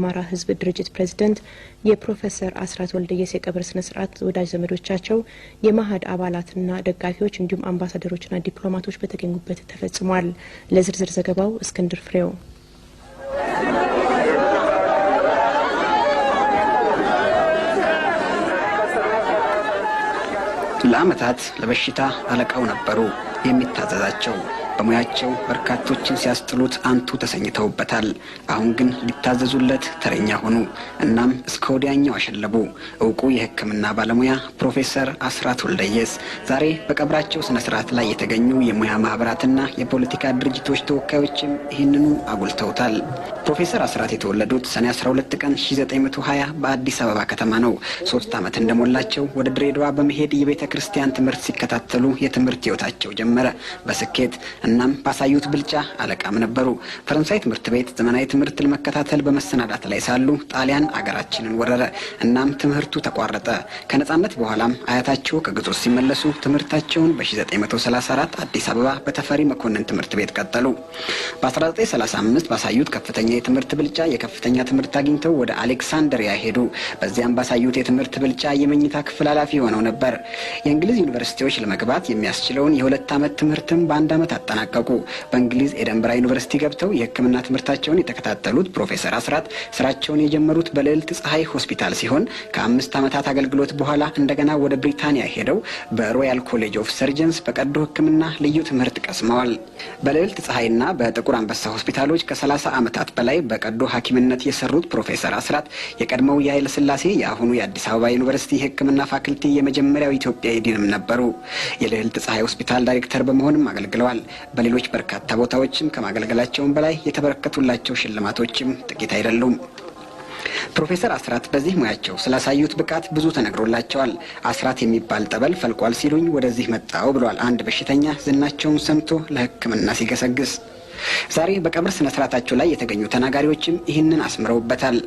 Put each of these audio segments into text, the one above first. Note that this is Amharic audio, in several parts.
የአማራ ህዝብ ድርጅት ፕሬዝደንት የፕሮፌሰር አስራት ወልደየስ የቀብር ስነ ስርዓት ወዳጅ ዘመዶቻቸው፣ የማህድ አባላትና ደጋፊዎች እንዲሁም አምባሳደሮችና ዲፕሎማቶች በተገኙበት ተፈጽሟል። ለዝርዝር ዘገባው እስክንድር ፍሬው ለአመታት ለበሽታ አለቃው ነበሩ የሚታዘዛቸው በሙያቸው በርካቶችን ሲያስጥሉት አንቱ ተሰኝተውበታል። አሁን ግን ሊታዘዙለት ተረኛ ሆኑ። እናም እስከ ወዲያኛው አሸለቡ። እውቁ የሕክምና ባለሙያ ፕሮፌሰር አስራት ወልደየስ ዛሬ በቀብራቸው ስነ ስርዓት ላይ የተገኙ የሙያ ማህበራትና የፖለቲካ ድርጅቶች ተወካዮችም ይህንኑ አጉልተውታል። ፕሮፌሰር አስራት የተወለዱት ሰኔ 12 ቀን 1920 በአዲስ አበባ ከተማ ነው። ሶስት ዓመት እንደሞላቸው ወደ ድሬዳዋ በመሄድ የቤተ ክርስቲያን ትምህርት ሲከታተሉ የትምህርት ህይወታቸው ጀመረ በስኬት እናም ባሳዩት ብልጫ አለቃም ነበሩ። ፈረንሳይ ትምህርት ቤት ዘመናዊ ትምህርት ለመከታተል በመሰናዳት ላይ ሳሉ ጣሊያን አገራችንን ወረረ። እናም ትምህርቱ ተቋረጠ። ከነጻነት በኋላም አያታቸው ከግዞት ሲመለሱ ትምህርታቸውን በ1934 አዲስ አበባ በተፈሪ መኮንን ትምህርት ቤት ቀጠሉ። በ1935 ባሳዩት ከፍተኛ የትምህርት ብልጫ የከፍተኛ ትምህርት አግኝተው ወደ አሌክሳንድሪያ ሄዱ። በዚያም ባሳዩት የትምህርት ብልጫ የመኝታ ክፍል ኃላፊ ሆነው ነበር። የእንግሊዝ ዩኒቨርሲቲዎች ለመግባት የሚያስችለውን የሁለት ዓመት ትምህርትም በአንድ ዓመት አጣ አጠናቀቁ። በእንግሊዝ ኤደንብራ ዩኒቨርሲቲ ገብተው የሕክምና ትምህርታቸውን የተከታተሉት ፕሮፌሰር አስራት ስራቸውን የጀመሩት በልዕልት ፀሐይ ሆስፒታል ሲሆን ከአምስት ዓመታት አገልግሎት በኋላ እንደገና ወደ ብሪታንያ ሄደው በሮያል ኮሌጅ ኦፍ ሰርጀንስ በቀዶ ሕክምና ልዩ ትምህርት ቀስመዋል። በልዕልት ፀሐይና በጥቁር አንበሳ ሆስፒታሎች ከ30 ዓመታት በላይ በቀዶ ሐኪምነት የሰሩት ፕሮፌሰር አስራት የቀድሞው የኃይለ ስላሴ የአሁኑ የአዲስ አበባ ዩኒቨርሲቲ የሕክምና ፋክልቲ የመጀመሪያው ኢትዮጵያዊ ዲንም ነበሩ። የልዕልት ፀሐይ ሆስፒታል ዳይሬክተር በመሆንም አገልግለዋል። በሌሎች በርካታ ቦታዎችም ከማገልገላቸውም በላይ የተበረከቱላቸው ሽልማቶችም ጥቂት አይደሉም። ፕሮፌሰር አስራት በዚህ ሙያቸው ስላሳዩት ብቃት ብዙ ተነግሮላቸዋል። አስራት የሚባል ጠበል ፈልቋል ሲሉኝ ወደዚህ መጣው ብሏል አንድ በሽተኛ ዝናቸውን ሰምቶ ለሕክምና ሲገሰግስ። ዛሬ በቀብር ስነ ስርዓታቸው ላይ የተገኙ ተናጋሪዎችም ይህንን አስምረውበታል።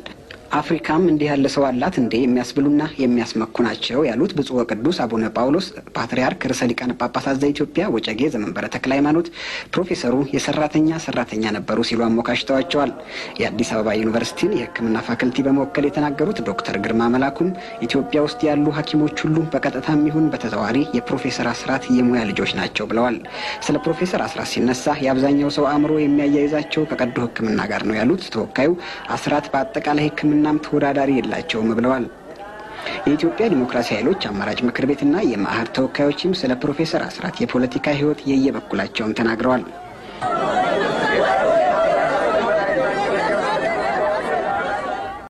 አፍሪካም እንዲህ ያለ ሰው አላት እንዴ የሚያስብሉና የሚያስመኩ ናቸው ያሉት ብፁዕ ወቅዱስ አቡነ ጳውሎስ ፓትርያርክ ርዕሰ ሊቃነ ጳጳሳት ዘኢትዮጵያ ወጨጌ ዘመንበረ ተክለ ሃይማኖት ፕሮፌሰሩ የሰራተኛ ሰራተኛ ነበሩ ሲሉ አሞካሽተዋቸዋል። የአዲስ አበባ ዩኒቨርሲቲን የሕክምና ፋክልቲ በመወከል የተናገሩት ዶክተር ግርማ መላኩም ኢትዮጵያ ውስጥ ያሉ ሐኪሞች ሁሉ በቀጥታም ይሁን በተዘዋሪ የፕሮፌሰር አስራት የሙያ ልጆች ናቸው ብለዋል። ስለ ፕሮፌሰር አስራት ሲነሳ የአብዛኛው ሰው አእምሮ የሚያያይዛቸው ከቀዶ ሕክምና ጋር ነው ያሉት ተወካዩ አስራት በአጠቃላይ ሕክምና እናም ተወዳዳሪ የላቸውም ብለዋል። የኢትዮጵያ ዲሞክራሲ ኃይሎች አማራጭ ምክር ቤትና የማህር ተወካዮችም ስለ ፕሮፌሰር አስራት የፖለቲካ ህይወት የየበኩላቸውን ተናግረዋል።